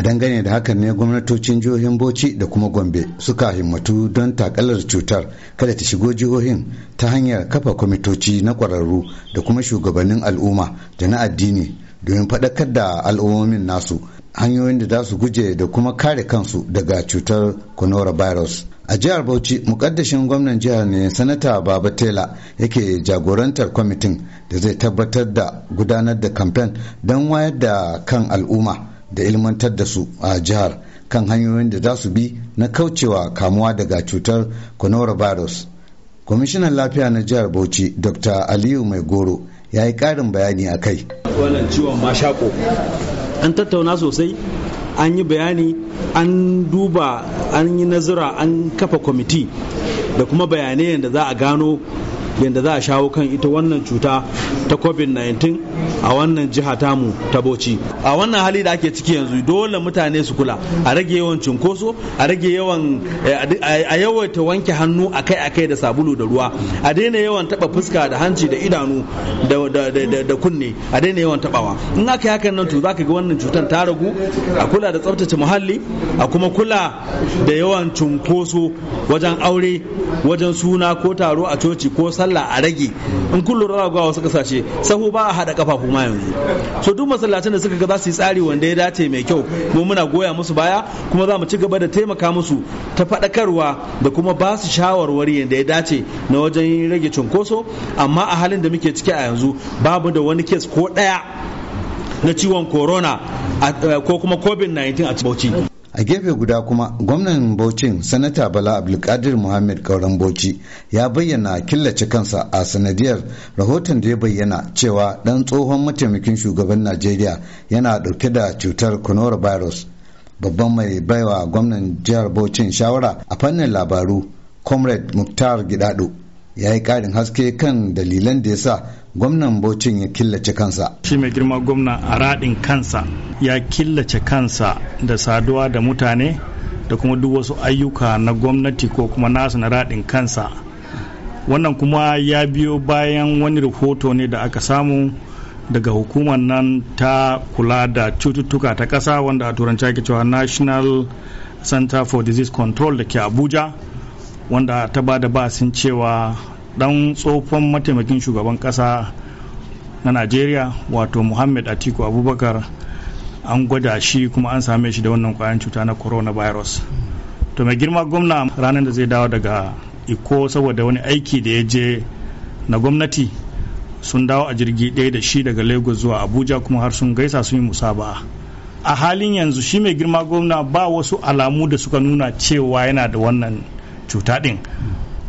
a dangane da hakan ne gwamnatocin jihohin bauchi da kuma gombe suka himmatu don takalar cutar kada ta shigo jihohin ta hanyar kafa kwamitoci na kwararru da kuma shugabannin al'umma da na addini domin faɗakar da al'ummomin nasu hanyoyin da za su guje da kuma kare kansu daga cutar coronavirus a jihar bauchi mukaddashin gwamnan jihar ne sanata baba tela yake jagorantar kwamitin da zai tabbatar da gudanar da kamfen don wayar da kan al'umma da ilmantar da su a jihar kan hanyoyin da za su bi na kaucewa kamuwa daga cutar coronavirus kwamishinan lafiya na jihar bauchi dr aliyu mai goro ya yi karin bayani a kai wannan ciwon mashako an tattauna sosai an yi bayani an duba an yi nazira an kafa kwamiti da kuma bayanai da za a gano yadda za a shawo kan ita wannan cuta ta covid-19 a wannan jiha tamu ta bauchi a wannan hali da ake ciki yanzu dole mutane su kula a rage yawan cunkoso a rage yawan eh, a yawaita wanke hannu akai-akai da sabulu da ruwa a daina yawan taba fuska da hanci da idanu da kunne a daina yawan tabawa in aka yi hakan nan to za ka ga wannan cutar ta ragu a kula da tsaftace muhalli a kuma kula da yawan cunkoso wajen aure wajen suna ko taro a coci ko sallah a rage in kullum lura ga wasu kasashe sahu ba a hada kafafu ma yanzu so duk masallacin da suka ga za su yi tsari wanda ya dace mai kyau mu muna goya musu baya kuma za mu ci gaba da taimaka musu ta faɗakarwa da kuma ba su shawarwari yadda ya dace na wajen rage cunkoso amma a halin da muke ciki a yanzu babu da wani kes ko ɗaya na ciwon corona eh, ko kuma covid-19 a bauchi a gefe guda kuma gwamnan bauchin sanata bala abdulkadir muhammad kauran bauchi ya bayyana killace kansa a sanadiyar rahoton da ya bayyana cewa dan tsohon mataimakin shugaban najeriya yana dauke da cutar coronavirus babban mai baiwa gwamnan jihar bauchin shawara a fannin labaru comrade muktar gidado ya yi karin haske kan dalilan da ya sa gwamnan bocin ya killace kansa. Shi mai girma gwamna a raɗin kansa ya killace kansa da saduwa da mutane da kuma duk wasu ayyuka na gwamnati ko kuma nasu na raɗin kansa. Wannan kuma ya biyo bayan wani rahoto ne da aka samu daga hukumar nan ta kula da cututtuka ta ƙasa wanda a turanci ake cewa national center for disease control da ke abuja wanda ta ba da ba sun cewa dan tsofon mataimakin shugaban kasa na najeriya wato muhammad atiku abubakar an gwada shi kuma an same shi da wannan kwayan cuta na coronavirus to mai girma gwamna ranar da zai dawo daga iko saboda wani aiki da ya je na gwamnati sun dawo a jirgi ɗaya da shi daga lagos zuwa abuja kuma har sun gaisa sun yi musaba a halin yanzu shi mai girma gwamna ba wasu alamu da suka nuna cewa yana da wannan cuta din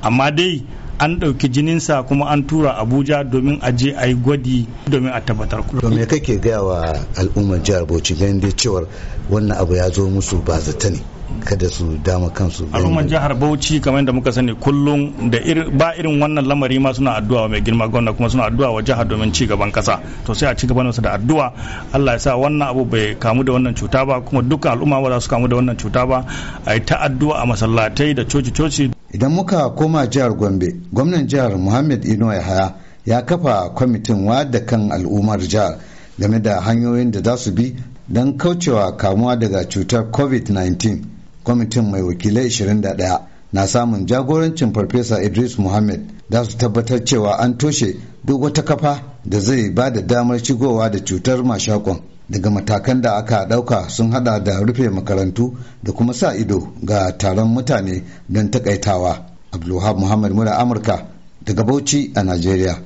amma dai an ɗauki jininsa kuma an tura abuja domin a je a yi gwadi domin a tabbatar ku. me kake gaya wa al'ummar jihar bauchi ganin dai cewar wannan abu ya zo musu ba zata ne kada su dama kansu al'ummar jihar bauchi kamar yadda muka sani kullum da ba irin wannan lamari ma suna addu'a mai girma gwamna kuma suna addu'a wa jihar domin ci gaban kasa to sai a ci gaban da addu'a Allah ya sa wannan abu bai kamu da wannan cuta ba kuma dukkan al'umma ba za su kamu da wannan cuta ba a yi ta addu'a a masallatai da coci coci idan muka koma jihar gombe gwamnan jihar muhammad ino yahaya ya kafa kwamitin wada kan al'ummar jihar game da hanyoyin da za su bi don kaucewa kamuwa daga cutar covid-19 kwamitin mai wakilai 21 na samun jagorancin farfesa idris muhammad za su tabbatar cewa an toshe duk wata kafa da zai ba da damar shigowa da cutar mashakon daga matakan da aka ɗauka sun hada da rufe makarantu da kuma sa ido ga taron mutane don takaitawa abdulwahab muhammad mura amurka daga bauchi a najeriya